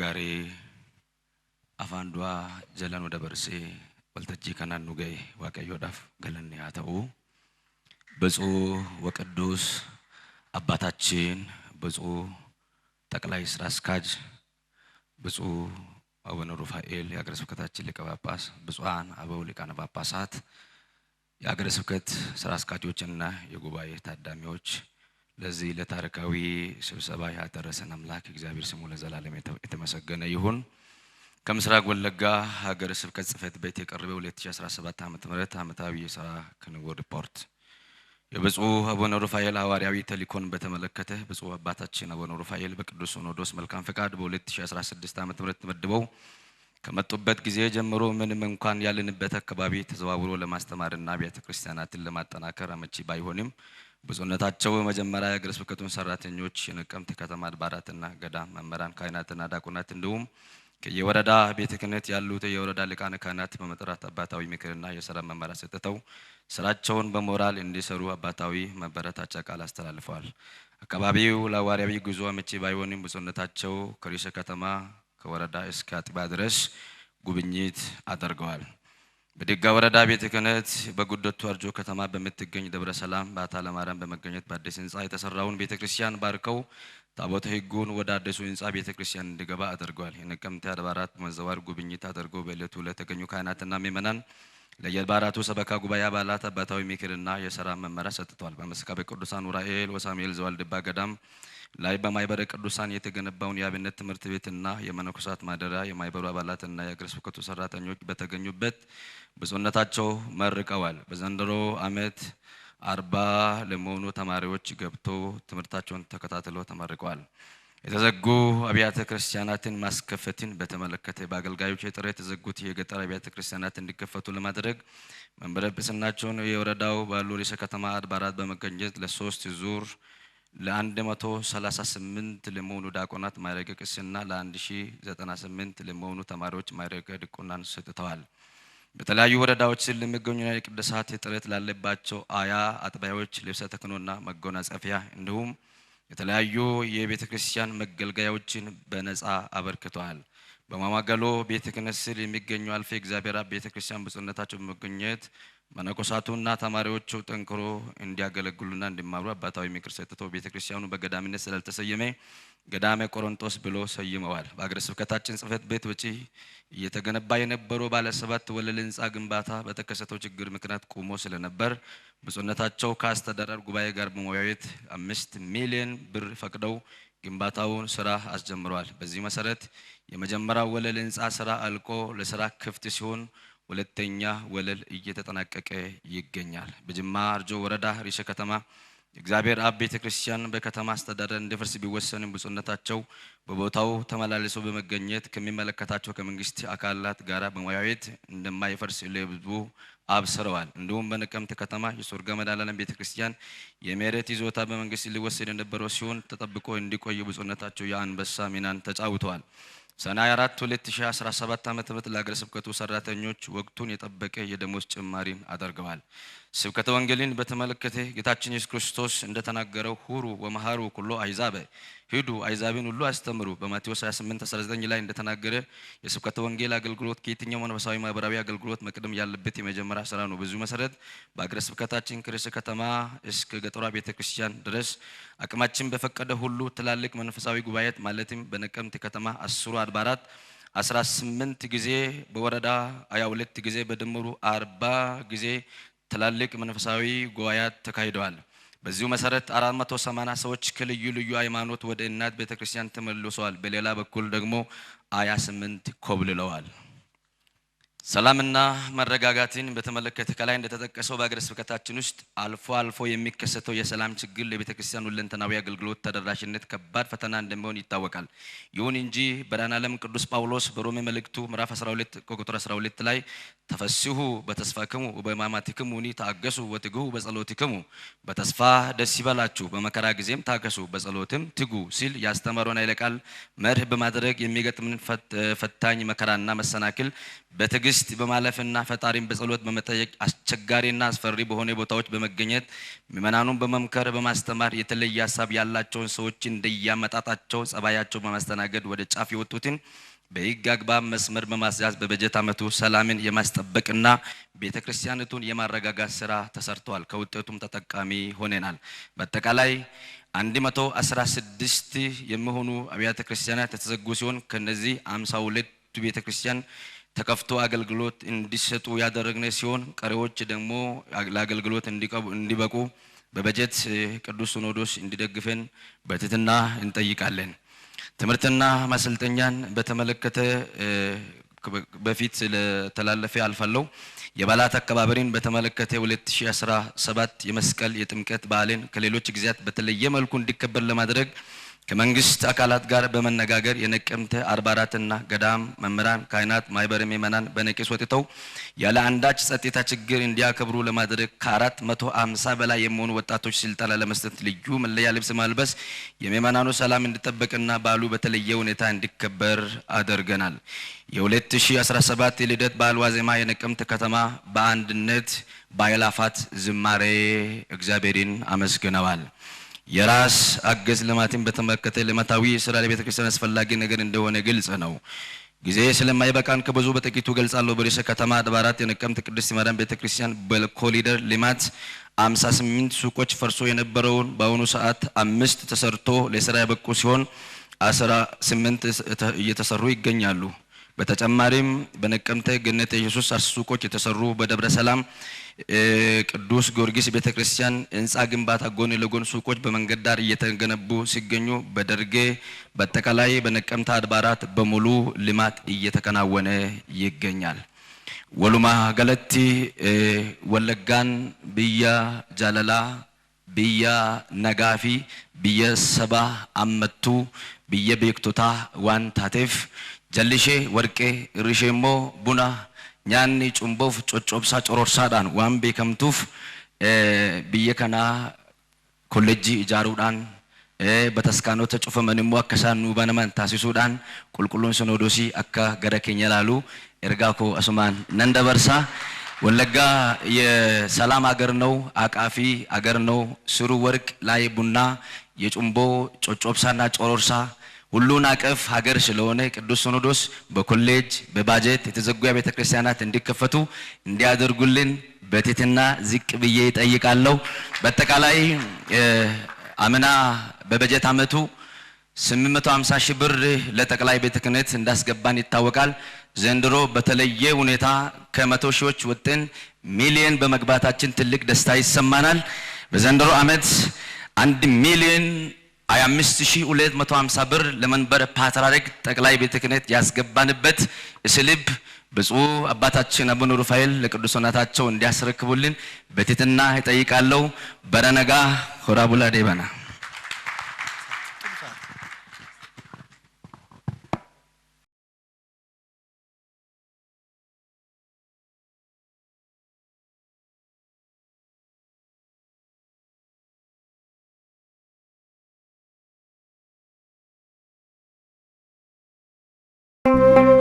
ጋሬ አፋንዱዋ ጀለን ወደ በርሴ ወልተጂ ከናን ኑገይ ዋቀዮዳፍ ገለኔ ያተው ብፁዕ ወቅዱስ አባታችን ብፁዕ ጠቅላይ ስራ አስኪያጅ ብፁዕ አቡነ ሩፋኤል የሀገረ ስብከታችን ሊቀ ጳጳስ፣ ብፁዓን አበው ሊቃነ ጳጳሳት፣ የሀገረ ስብከት ስራ አስኪያጆችና የጉባኤ ታዳሚዎች ለዚህ ለታሪካዊ ስብሰባ ያደረሰን አምላክ እግዚአብሔር ስሙ ለዘላለም የተመሰገነ ይሁን። ከምስራቅ ወለጋ ሀገረ ስብከት ጽሕፈት ቤት የቀረበ 2017 ዓ.ም ዓመታዊ የሥራ ክንውን ሪፖርት የብፁዕ አቡነ ሩፋኤል ሐዋርያዊ ተልእኮን በተመለከተ ብፁዕ አባታችን አቡነ ሩፋኤል በቅዱስ ሲኖዶስ መልካም ፈቃድ በ2016 ዓ.ም ተመድበው ከመጡበት ጊዜ ጀምሮ ምንም እንኳን ያለንበት አካባቢ ተዘዋውሮ ለማስተማርና ቤተ ክርስቲያናትን ለማጠናከር አመቺ ባይሆንም ብፁዕነታቸው በመጀመሪያ የሀገረ ስብከቱን ሰራተኞች፣ የነቀምት ከተማ አድባራትና ገዳም መምህራን፣ ካህናትና ዲያቆናት እንዲሁም የወረዳ ቤተ ክህነት ያሉት የወረዳ ሊቃነ ካህናት በመጥራት አባታዊ ምክርና የስራ መመሪያ ሰጥተው ስራቸውን በሞራል እንዲሰሩ አባታዊ መበረታቻ ቃል አስተላልፈዋል። አካባቢው ለሐዋርያዊ ጉዞ አመቺ ባይሆንም ብፁዕነታቸው ከርዕሰ ከተማ ከወረዳ እስከ አጥቢያ ድረስ ጉብኝት አድርገዋል። በድጋ ወረዳ ቤተ ክህነት በጉደቱ አርጆ ከተማ በምትገኝ ደብረ ሰላም በአታ ለማርያም በመገኘት በአዲስ ህንፃ የተሰራውን ቤተ ክርስቲያን ባርከው ታቦተ ህጉን ወደ አዲሱ ህንፃ ቤተ ክርስቲያን እንዲገባ አድርገዋል። የነቀምቴ አድባራት መዘዋር ጉብኝት አድርገው በዕለቱ ለተገኙ ካህናትና ምእመናን ለየባራቱ ሰበካ ጉባኤ አባላት አባታዊ ምክርና የሥራ መመሪያ ሰጥቷል። በመስካበ ቅዱሳን ዑራኤል ወሳሙኤል ዘዋልድባ ገዳም ላይ በማይበረ ቅዱሳን የተገነባውን የአብነት ትምህርት ቤትና የመነኮሳት ማደሪያ የማይበሩ አባላትና የአገረ ስብከቱ ሰራተኞች በተገኙበት ብፁዕነታቸው መርቀዋል። በዘንድሮ ዓመት አርባ ለመሆኑ ተማሪዎች ገብቶ ትምህርታቸውን ተከታትለው ተመርቀዋል። የተዘጉ አብያተ ክርስቲያናትን ማስከፈትን በተመለከተ በአገልጋዮች የጥረት የተዘጉት የገጠር አብያተ ክርስቲያናት እንዲከፈቱ ለማድረግ መንበረ ጵጵስናቸውን የወረዳው ባሉ ርዕሰ ከተማ አድባራት በመገኘት ለሶስት ዙር ለ138 ለመሆኑ ዲያቆናት ማዕረገ ቅስና ለ1098 ለመሆኑ ተማሪዎች ማዕረገ ድቁናን ሰጥተዋል። በተለያዩ ወረዳዎች ስል ለሚገኙና የቅዱሳት እጥረት ላለባቸው አያ አጥባዮች ልብሰ ተክኖና መጎናጸፊያ እንዲሁም የተለያዩ የቤተ ክርስቲያን መገልገያዎችን በነፃ አበርክተዋል። በማማገሎ ቤተ ክህነት ስር የሚገኙ አልፌ እግዚአብሔር አብ ቤተ ክርስቲያን ብፁዕነታቸው በመገኘት መነኮሳቱና ተማሪዎቹ ጠንክሮ እንዲያገለግሉና እንዲማሩ አባታዊ ምክር ሰጥተው ቤተ ክርስቲያኑ በገዳሚነት ስላልተሰየመ ገዳመ ቆሮንጦስ ብሎ ሰይመዋል። በአገረ ስብከታችን ጽሕፈት ቤት ወጪ እየተገነባ የነበረው ባለ ሰባት ወለል ህንፃ ግንባታ በተከሰተው ችግር ምክንያት ቁሞ ስለነበር ብፁዕነታቸው ከአስተዳደር ጉባኤ ጋር በመወያየት አምስት ሚሊዮን ብር ፈቅደው ግንባታውን ስራ አስጀምረዋል። በዚህ መሰረት የመጀመሪያው ወለል ህንፃ ስራ አልቆ ለስራ ክፍት ሲሆን ሁለተኛ ወለል እየተጠናቀቀ ይገኛል። በጅማ አርጆ ወረዳ ሪሸ ከተማ የእግዚአብሔር አብ ቤተ ክርስቲያን በከተማ አስተዳደር እንዲፈርስ ቢወሰንም ብፁዕነታቸው በቦታው ተመላልሰው በመገኘት ከሚመለከታቸው ከመንግስት አካላት ጋር በመወያየት እንደማይፈርስ ለህዝቡ አብስረዋል። እንዲሁም በነቀምት ከተማ የሶርጋ መድኃኔዓለም ቤተ ክርስቲያን የመሬት ይዞታ በመንግስት ሊወሰድ የነበረው ሲሆን ተጠብቆ እንዲቆይ ብፁዕነታቸው የአንበሳ ሚናን ተጫውተዋል። ሰኔ 4 2017 ዓ.ም ለሀገረ ስብከቱ ሰራተኞች ወቅቱን የጠበቀ የደሞዝ ጭማሪን አድርገዋል። ስብከተ ወንጌልን በተመለከተ ጌታችን ኢየሱስ ክርስቶስ እንደተናገረው ሁሩ ወመሃሩ ኩሎ አይዛበ ሂዱ አይዛብን ሁሉ አስተምሩ በማቴዎስ 28:19 ላይ እንደተናገረ የስብከተ ወንጌል አገልግሎት ከየትኛው መንፈሳዊ ማህበራዊ አገልግሎት መቅደም ያለበት የመጀመሪያ ስራ ነው። በዚሁ መሰረት በአገረ ስብከታችን ከርዕሰ ከተማ እስከ ገጠሯ ቤተክርስቲያን ድረስ አቅማችን በፈቀደ ሁሉ ትላልቅ መንፈሳዊ ጉባኤት ማለትም በነቀምት ከተማ አስሩ አድባራት 18 ጊዜ በወረዳ 22 ጊዜ በድምሩ 40 ጊዜ ትላልቅ መንፈሳዊ ጉባኤያት ተካሂደዋል። በዚሁ መሰረት 480 ሰዎች ከልዩ ልዩ ሃይማኖት ወደ እናት ቤተክርስቲያን ተመልሰዋል። በሌላ በኩል ደግሞ 28 ኮብልለዋል። ሰላምና መረጋጋትን በተመለከተ ከላይ እንደተጠቀሰው በሀገረ ስብከታችን ውስጥ አልፎ አልፎ የሚከሰተው የሰላም ችግር ለቤተ ክርስቲያን ሁለንተናዊ አገልግሎት ተደራሽነት ከባድ ፈተና እንደሚሆን ይታወቃል። ይሁን እንጂ ዓለም ቅዱስ ጳውሎስ በሮሜ መልእክቱ ምዕራፍ 12 ቁጥር 12 ላይ ተፈስሑ በተስፋክሙ በሕማማትክሙ ወኒ ታገሱ ወትግሁ በጸሎትክሙ፣ በተስፋ ደስ ይበላችሁ በመከራ ጊዜም ታገሱ በጸሎትም ትጉ ሲል ያስተማረውን ኃይለ ቃል መርህ በማድረግ የሚገጥምን ፈታኝ መከራና መሰናክል በትዕግስት በትዕግስት በማለፍና ፈጣሪን በጸሎት በመጠየቅ አስቸጋሪና አስፈሪ በሆነ ቦታዎች በመገኘት ምዕመናኑን በመምከር በማስተማር የተለየ ሀሳብ ያላቸውን ሰዎች እንደያመጣጣቸው ጸባያቸው በማስተናገድ ወደ ጫፍ የወጡትን በህግ አግባብ መስመር በማስያዝ በበጀት ዓመቱ ሰላምን የማስጠበቅና ቤተ ክርስቲያኒቱን የማረጋጋት ስራ ተሰርተዋል ከውጤቱም ተጠቃሚ ሆነናል። በአጠቃላይ 116 የሚሆኑ አብያተ ክርስቲያናት የተዘጉ ሲሆን ከነዚህ 52 ቤተ ክርስቲያን ተከፍቶ አገልግሎት እንዲሰጡ ያደረግነ ሲሆን ቀሪዎች ደግሞ ለአገልግሎት እንዲበቁ በበጀት ቅዱስ ሲኖዶስ እንዲደግፈን በትህትና እንጠይቃለን። ትምህርትና ማሰልጠኛን በተመለከተ በፊት ለተላለፈ አልፋለሁ። የበዓላት አከባበሪን በተመለከተ 2017 የመስቀል የጥምቀት በዓልን ከሌሎች ጊዜያት በተለየ መልኩ እንዲከበር ለማድረግ ከመንግስት አካላት ጋር በመነጋገር የነቀምተ አርባ አራትና ገዳም መምህራን፣ ካህናት፣ ማህበረ ምዕመናን በነቂስ ወጥተው ያለ አንዳች ጸጥታ ችግር እንዲያከብሩ ለማድረግ ከአራት መቶ አምሳ በላይ የሚሆኑ ወጣቶች ስልጠና ለመስጠት ልዩ መለያ ልብስ ማልበስ የምዕመናኑ ሰላም እንዲጠበቅና በዓሉ በተለየ ሁኔታ እንዲከበር አድርገናል። የ2017 የልደት በዓል ዋዜማ ከተማ በአንድነት በአእላፋት ዝማሬ እግዚአብሔርን አመስግነዋል። የራስ አገዝ ልማትን በተመለከተ ልማታዊ ስራ ለቤተ ክርስቲያን አስፈላጊ ነገር እንደሆነ ግልጽ ነው። ጊዜ ስለማይበቃን ከብዙ በጥቂቱ ገልጻለሁ። በርዕሰ ከተማ አድባራት የነቀምት ቅድስት ማርያም ቤተ ክርስቲያን በኮሪደር ልማት 58 ሱቆች ፈርሶ የነበረውን በአሁኑ ሰዓት አምስት ተሰርቶ ለስራ ያበቁ ሲሆን 18 እየተሰሩ ይገኛሉ። በተጨማሪም በነቀምተ ገነተ ኢየሱስ ሱቆች የተሰሩ በደብረ ሰላም ቅዱስ ጊዮርጊስ ቤተ ክርስቲያን ህንፃ ግንባታ ጎን ለጎን ሱቆች በመንገድ ዳር እየተገነቡ ሲገኙ በደርጌ በአጠቃላይ በነቀምታ አድባራት በሙሉ ልማት እየተከናወነ ይገኛል። ወሉማ ገለቲ ወለጋን ብያ ጃለላ ብያ ነጋፊ ብየ ሰባ አመቱ ብየ ቤክቶታ ዋን ታቴፍ ጀልሼ ወርቄ ርሼሞ ቡና nyaanni cumboof coccobsaa cororsaadhaan waan beekamtuuf biyya kanaa kolleejjii ijaaruudhaan bataskaanota cufaman immoo akka isaan nuu banaman taasisuudhaan qulqulluun sinodoosii akka gara keenya ilaalu ergaa koo asumaan nan dabarsa ወለጋ የሰላም አገር ነው። አቃፊ አገር ነው። ስሩ ወርቅ ላይ ቡና የጩምቦ ጮጮብሳና ጮሮርሳ ሁሉን አቀፍ ሀገር ስለሆነ ቅዱስ ሲኖዶስ በኮሌጅ በባጀት የተዘጉ ቤተ ክርስቲያናት እንዲከፈቱ እንዲያደርጉልን በትህትና ዝቅ ብዬ ይጠይቃለሁ። በአጠቃላይ አምና በበጀት ዓመቱ 850 ሺህ ብር ለጠቅላይ ቤተ ክህነት እንዳስገባን ይታወቃል። ዘንድሮ በተለየ ሁኔታ ከመቶ ሺዎች ወጥን ሚሊዮን በመግባታችን ትልቅ ደስታ ይሰማናል። በዘንድሮ ዓመት አንድ ሚሊየን 25250 ብር ለመንበረ ፓትርያርክ ጠቅላይ ቤተ ክህነት ያስገባንበት ስልብ ብፁዕ አባታችን አቡነ ሩፋኤል ለቅዱስናታቸው እንዲያስረክቡልን በትህትና ይጠይቃለሁ በረነጋ ሆራ ቡላ ዴበና Thank you.